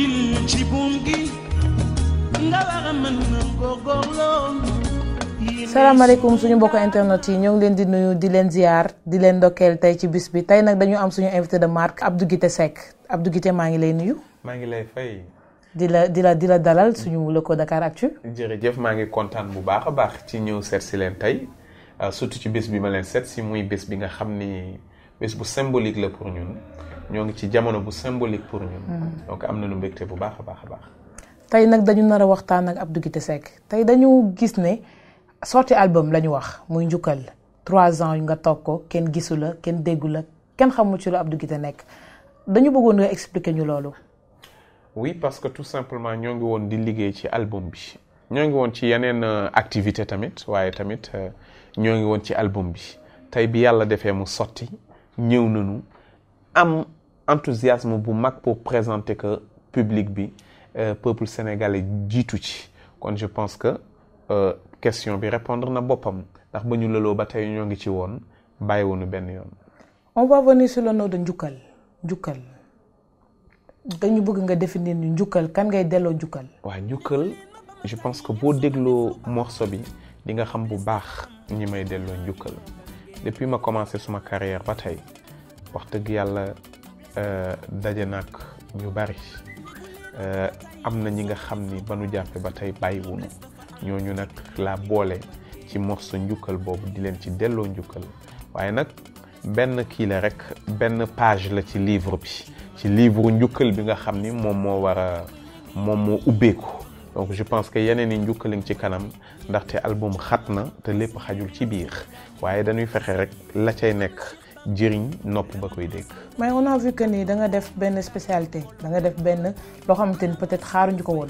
dil ci salaamaaleykum suñu mbokk internet yi ñoo ngi leen di nuyu di leen ziar di leen ndokkeel tey ci bis bi tey nag dañu am suñu invité de mark ab Guité Seck Abdou Guité maa ngi lay nuyu. maa ngi lay fay. di la di la di la dalal suñu lëkkoo Dakar Actu. jërëjëf maa ngi kontaan bu baax a baax ci ñëw seet si leen tey euh, surtout ci bés bi ma leen seet si muy bés bi nga xam ni bés bu symbolique la pour ñun. ñoo ngi ci jamono bu symbolique pour ñun. Hmm. donc am lu mbégte bu baax a baax a baax. tey nag dañu nar a waxtaan ak Abdou Guité Seck tey dañu gis ne sorti album la ñu wax muy njukkal trois ans yu nga toog ko kenn gisu la kenn déggu la kenn xamul ci la Abdou Guité nekk dañu bëggoon nga expliquer ñu loolu. oui parce que tout simplement ñoo ngi woon di liggéey ci album bi ñoo ngi woon ci yeneen euh, activité tamit waaye tamit euh, ñoo ngi woon ci album bi tey bi yàlla defee mu sotti ñëw nañu am enthousiasme bu mag pour présenter que public bi euh, peuple sénégalais jiitu ci kon je pense que euh, question bi répondre na bopam ndax bañu lelo lëloo ba tey ñoo ngi ci won bayiwunu ben yoon. on va venir sur le nom de njukal njukal dañu bëgg nga définir ni njukkal kan ngay delloo njukal wa njukal je pense que bo déglo morceau bi di nga xam bu baax ñi may delloo njukal depuis ma commencé suma carrière ba tey wax deug yalla Euh, daje nag ñu bari euh, am na ñi nga xam ni ba nu jàppe ba tey bàyyiwunu ñooñu nag laa boole ci morso njukkal boobu di leen ci delloo njukkal waaye nag benn kii la rek benn page la ci livre bi ci livre njukkal bi nga xam ni moom moo war a moom moo ubbeeku donc je pense que yeneen i njukkal ci kanam ndaxte album xat na te lépp xajul ci biir waaye dañuy fexe rek la cay nekk jëriñ nopp ba koy dégg. mais on a vu que ni da nga def benn spécialité da nga def benn loo xamante ni peut-être xaaruñu ko woon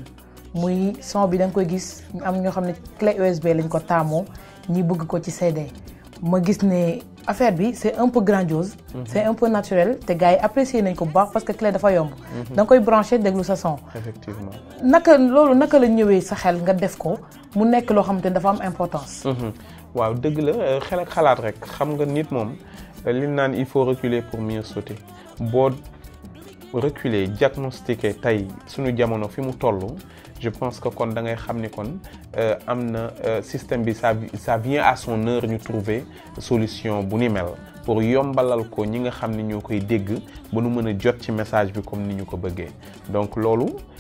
muy son bi da nga koy gis ñu am ñoo xam ne clé USB lañ ko taamoo ñi bëgg ko ci CD ma gis ne affaire bi c'est un peu grandiose. Mhm. c'est un peu naturel te gars yi apprécier nañ ko bu baax parce que clé dafa yomb. Mhm. da nga koy branché déglu sa son. effectivement naka loolu naka la ñëwee sa xel nga def ko mu nekk loo xamante ni dafa am importance. Mhm. waaw dëgg la xel ak xalaat rek xam nga nit moom li ñu il faut reculer pour mieux sauter boo reculer diagnostiquer tey suñu jamono fi mu tollu, je pense que kon da ngay un euh, euh, système bi ça vient à son heure ñu trouver solution bu ni mel pour yombalal ko ñi nga xam un dégg ba nu mën jot ci message bi comme ni ñu ko donc lolu.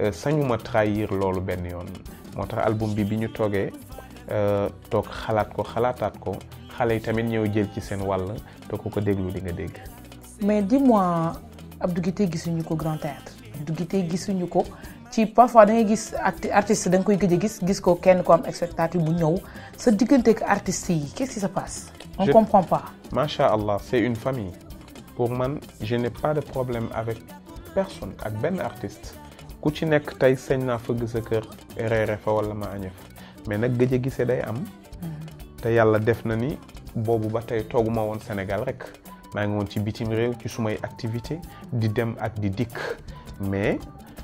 Euh, sañu ma trahir loolu benn yoon moo tax album bi bi ñu toogee euh, toog xalaat ko xalaataat ko xale yi tamit ñëw jël ci seen wàll te ko ko déglu di nga dégg. mais dis-moi Abdou Guité gisuñu ko grand théâtre Abdou Guité gisuñu ko ci parfois da ngay gis artiste da nga koy gëj a gis gis ko kenn ko am spectacle bu ñëw sa diggante artiste artistes yi qu'est-ce qui se passe. on ne comprend pas. macha allah c'est une famille pour man je n'ai pas de problème avec personne ak benn artiste. ku ci nek tay señ na fëgg sa kër reere fa wala ma añe fa mais nak gëjë a day am hmm. té yalla def na ni bobu ba tey tooguma won Sénégal rek ma ngi won ci bitim réew ci sumay activité di dem ak di dik mais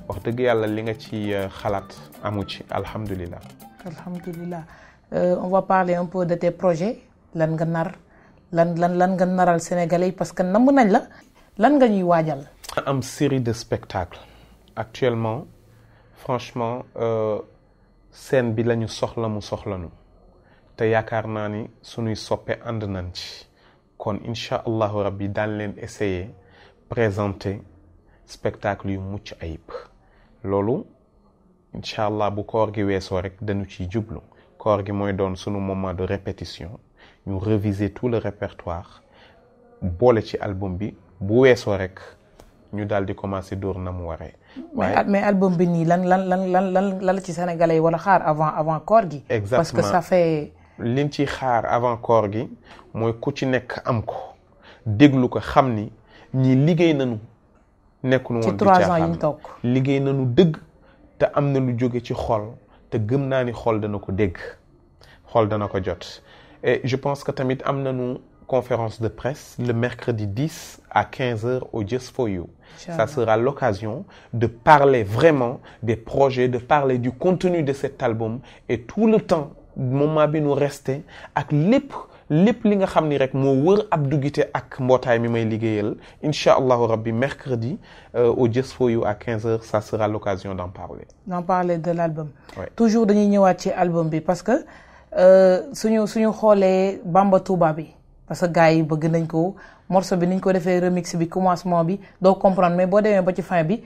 wax dëgg yalla li nga ci euh, xalat amu ci euh, on va parler un peu de tes projets lan nga nar lan lan lan nga naral sénégalais parce que nañ la lan nga ñuy wajal am série de spectacle actuellement franchement euh, scène bi lañu soxla mu nous te yaakaar nañ ci kon incha rabbi essayer présenter spectacle yu mucc ayib loolu incha allah bu koor gi rek moment de répétition Nous réviser tout le répertoire boole ci album bi bu rek ñu daal di commencé dóor na mu waree. mais album bi nii lan lan lan lan lan lan la ci sénégalais yi wala xaar avant avant koor gi. exactement parce que ça fait. lim ci xaar avant koor gi mooy ku ci nekk am ko déglu ko xam ni ñi liggéey nañu. nekkul woon ci trois ans yi ñu toog liggéey nañu dëgg. te am na lu jóge ci xol te gëm naa ni xol dana ko dégg xol dana ko jot et je pense que tamit am nañu conférence de presse le mercredi 10 à 15h au Just For You. Ça sera l'occasion de parler vraiment des projets, de parler du contenu de cet album et tout le temps, moment bi nous restait ak lip lépp li nga xam ni rek wër ak mbootaay mi may liggéeyal allahu mercredi euh, au Just For You à 15h ça sera l'occasion d'en parler. d'en parler de l'album. toujours de ñëwaat ci album bi parce que euh, suñu suñu xoolee Bamba Touba bi. parce que gars yi bëgg nañ ko morceau bi niñ ko defee remix bi commencement bi doo comprendre mais boo demee ba ci fin bi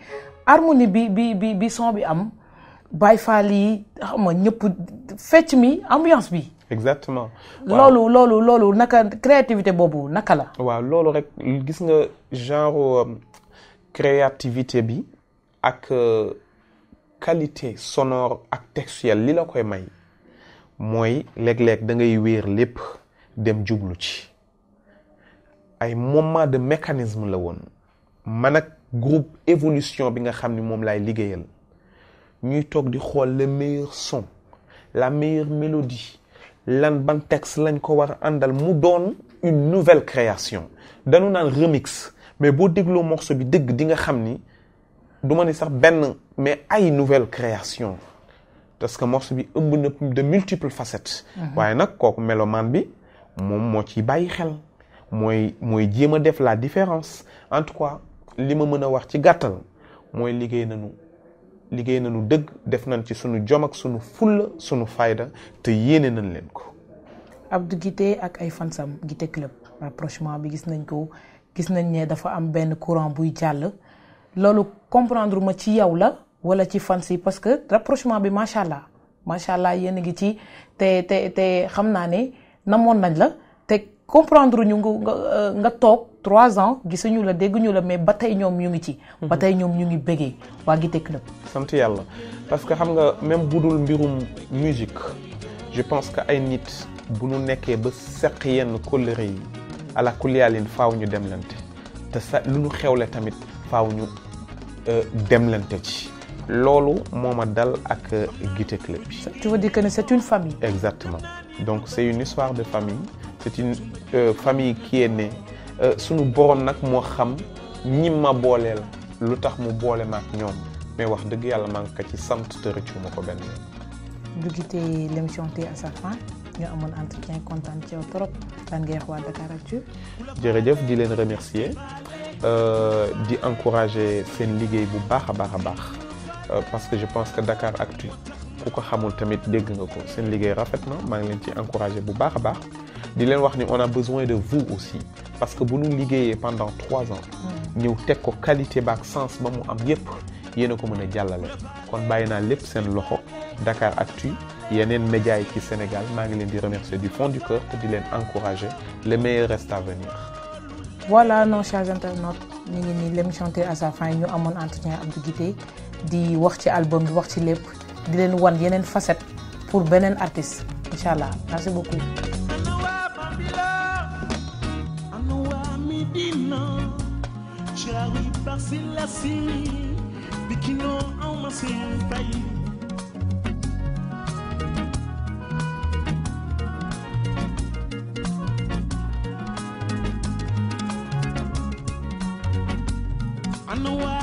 harmonie bi bi bi bi bi am bay Faal yi xam ñëpp fecc mi ambiance bi. exactement. loolu loolu loolu naka créativité boobu naka la. waaw loolu rek gis nga genre euh, créativité bi ak euh, qualité sonore ak textuelle li la koy may mooy léeg-léeg da ngay wéer lépp dem jublu ci. ay moment de mécanisme la man groupe évolution bi nga xamni mom di le meilleur son la meilleure mélodie lan texte lañ ko a une nouvelle création dañu un remix mais si dégloo morceau bi dëgg di nga xamni duma ni sax nouvelle création parce que morceau bi de multiples facettes mhm. waye nak mélomane bi mooy mooy jéem a def la différence en tout cas li ma mën a wax ci gàttal mooy liggéey nañu liggéey nañu dëgg def nañ ci sunu jom ak sunu fulla sunu fayda te yéene nañ leen ko. Abdou Guité ak ay fansam Guité club rapprochement bi gis nañ ko gis nañ ne dafa am benn courant buy jàll loolu comprendre ma ci yow la wala ci fans yi parce que rapprochement bi macha allah macha allah yéen a ngi ci te te te xam naa ne namoon nañ la. comprendre ñu nga euh, nga toog trois ans gisuñu la dégguñu la mais batay ñom ñu ngi ci. Mhm. batay ñom ñu ngi bëggee waa Guité Club. sante yalla parce que xam nga même bu mbirum musique je pense que ay nit bu ñu nekkee ba seq yenn colère yi ala kulialin faaw ñu demlante te sa lu ñu xewle tamit faaw ñu euh, demlante ci. loolu moo dal ak euh, Guité Club tu veux dire que c'est une famille. exactement donc c'est une histoire de famille c'est une euh, famille qui est née euh, Nous borom nak mo xam ñi ma booleel lu tax mu boole ma ñom mais wax deug yalla maa ka ci sante te ci ma ko benn yoon. l'émission té à sa fin ñu amone entretien content. ci trop tan ngay wax waa jere jeuf di len remercier euh, di encourager sen liguey bu baax a baax parce que je pense que Dakar ku ko xamul tamit dégg nga ko sen liguey rafet na maa ngi ci encourager bu baax a baax di on a besoin de vous aussi parce que bu nous pendant trois ans nous avons une qualité de sens ba mu am yépp ko mëna a kon bayina lépp Dakar Actu médias yi ci Sénégal m'a ngi leen di du fond du cœur te di encourager le meilleur reste à venir voilà nos chers internautes ni ngi l'émission à sa fin ñu amone entretien Abdou Guité di wax album di wax ci lépp di leen wan facette pour benen artiste inshallah merci beaucoup que I know why.